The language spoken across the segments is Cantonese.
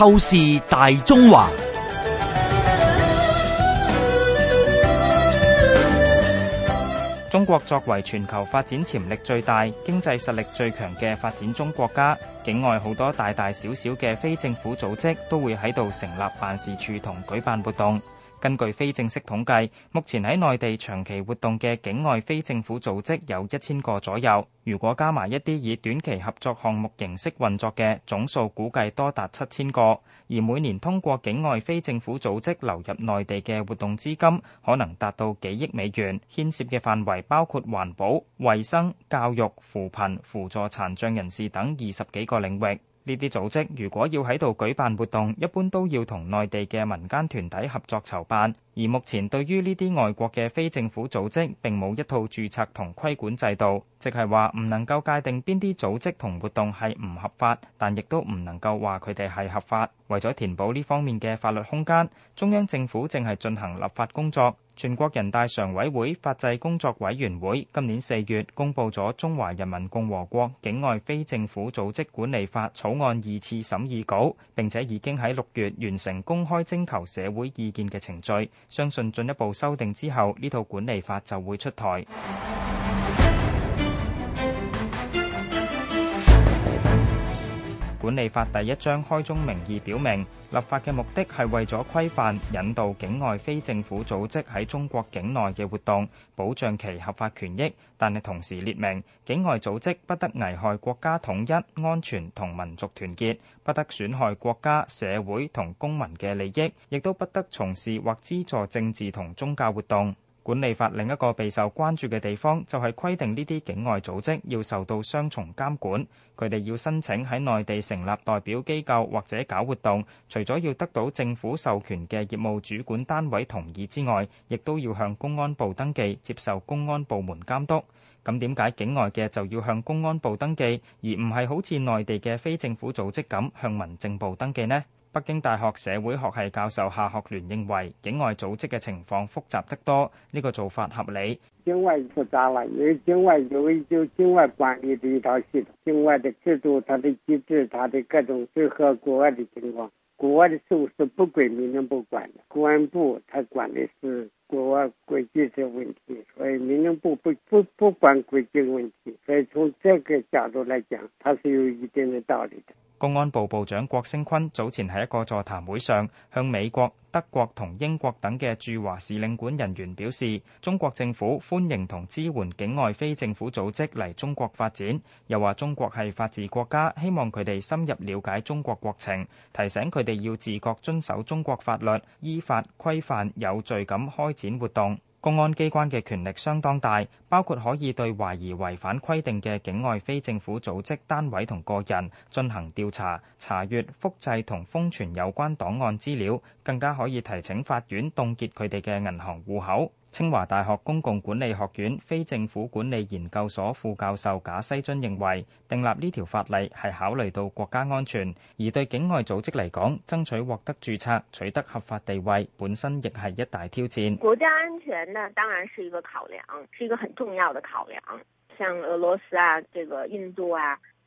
透視大中華。中國作為全球發展潛力最大、經濟實力最強嘅發展中國家，境外好多大大小小嘅非政府組織都會喺度成立辦事處同舉辦活動。根據非正式統計，目前喺內地長期活動嘅境外非政府組織有一千個左右，如果加埋一啲以短期合作項目形式運作嘅，總數估計多達七千個。而每年通過境外非政府組織流入內地嘅活動資金，可能達到幾億美元，牽涉嘅範圍包括環保、衛生、教育、扶貧、扶助殘障人士等二十幾個領域。呢啲組織如果要喺度舉辦活動，一般都要同內地嘅民間團體合作籌辦。而目前對於呢啲外國嘅非政府組織，並冇一套註冊同規管制度，即係話唔能夠界定邊啲組織同活動係唔合法，但亦都唔能夠話佢哋係合法。為咗填補呢方面嘅法律空間，中央政府正係進行立法工作。全國人大常委會法制工作委員會今年四月公布咗《中華人民共和國境外非政府組織管理法》草案二次審議稿，並且已經喺六月完成公開徵求社會意見嘅程序。相信進一步修訂之後，呢套管理法就會出台。《管理法》第一章開宗明義表明，立法嘅目的係為咗規範引導境外非政府組織喺中國境內嘅活動，保障其合法權益。但係同時列明，境外組織不得危害國家統一、安全同民族團結，不得損害國家、社會同公民嘅利益，亦都不得從事或資助政治同宗教活動。管理法另一個備受關注嘅地方，就係規定呢啲境外組織要受到雙重監管，佢哋要申請喺內地成立代表機構或者搞活動，除咗要得到政府授權嘅業務主管單位同意之外，亦都要向公安部登記，接受公安部門監督。咁點解境外嘅就要向公安部登記，而唔係好似內地嘅非政府組織咁向民政部登記呢？北京大學社會學系教授夏學聯認為，境外組織嘅情況複雜得多，呢、這個做法合理啦，因為境外有一境外管理的一套系統，境外的制度、它的機制、它的各種國外的情況、國外的事務是不歸民政部管的，公安部它管的是國外國際性問題，所以民政部不不不不管國際問題，所以從這個角度來講，它是有一定的道理。公安部部長郭聲琨早前喺一個座談會上，向美國、德國同英國等嘅駐華使領館人員表示，中國政府歡迎同支援境外非政府組織嚟中國發展，又話中國係法治國家，希望佢哋深入了解中國國情，提醒佢哋要自覺遵守中國法律，依法規範有序咁開展。展活動，公安機關嘅權力相當大，包括可以對懷疑違反規定嘅境外非政府組織單位同個人進行調查、查閱、複製同封存有關檔案資料，更加可以提請法院凍結佢哋嘅銀行戶口。清華大學公共管理學院非政府管理研究所副教授賈西津認為，訂立呢條法例係考慮到國家安全，而對境外組織嚟講，爭取獲得註冊、取得合法地位，本身亦係一大挑戰。國家安全呢，當然是一個考量，是一個很重要的考量。像俄羅斯啊，這個印度啊。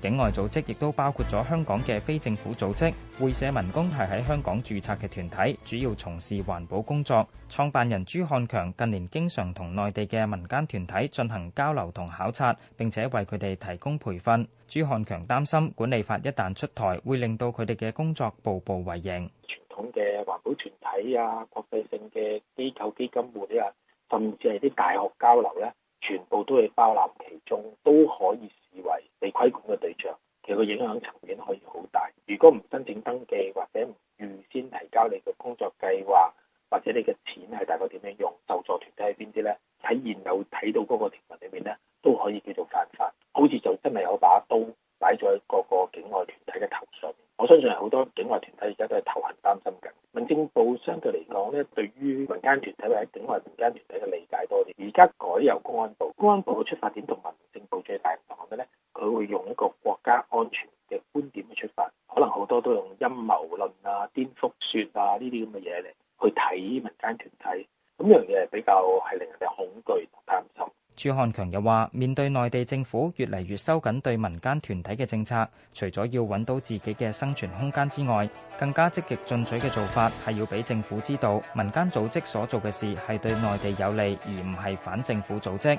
境外組織亦都包括咗香港嘅非政府組織，會社民工係喺香港註冊嘅團體，主要從事環保工作。創辦人朱漢強近年經常同內地嘅民間團體進行交流同考察，並且為佢哋提供培訓。朱漢強擔心管理法一旦出台，會令到佢哋嘅工作步步為營。傳統嘅環保團體啊，國際性嘅機構、基金會啊，甚至係啲大學交流咧，全部都係包攬其中，都可以。以為被規管嘅對象，其實個影響層面可以好大。如果唔申請登記或者唔預先提交你嘅工作計劃，或者你嘅錢係大概點樣用，救助團體喺邊啲咧？睇現有睇到嗰個條文裏面咧，都可以叫做犯法。好似就真係有把刀擺咗喺個境外團體嘅頭上。我相信係好多境外團體而家都係頭痕擔心緊。民政部相對嚟講咧，對於民間團體或者境外民間團體嘅理解多啲。而家改由公安部，公安部嘅出發點同民政部最大。佢會用一個國家安全嘅觀點去出發，可能好多都用陰謀論啊、顛覆説啊呢啲咁嘅嘢嚟去睇民間團體，咁樣嘢係比較係令人哋恐懼同擔心。朱漢強又話：面對內地政府越嚟越收緊對民間團體嘅政策，除咗要揾到自己嘅生存空間之外，更加積極進取嘅做法係要俾政府知道民間組織所做嘅事係對內地有利，而唔係反政府組織。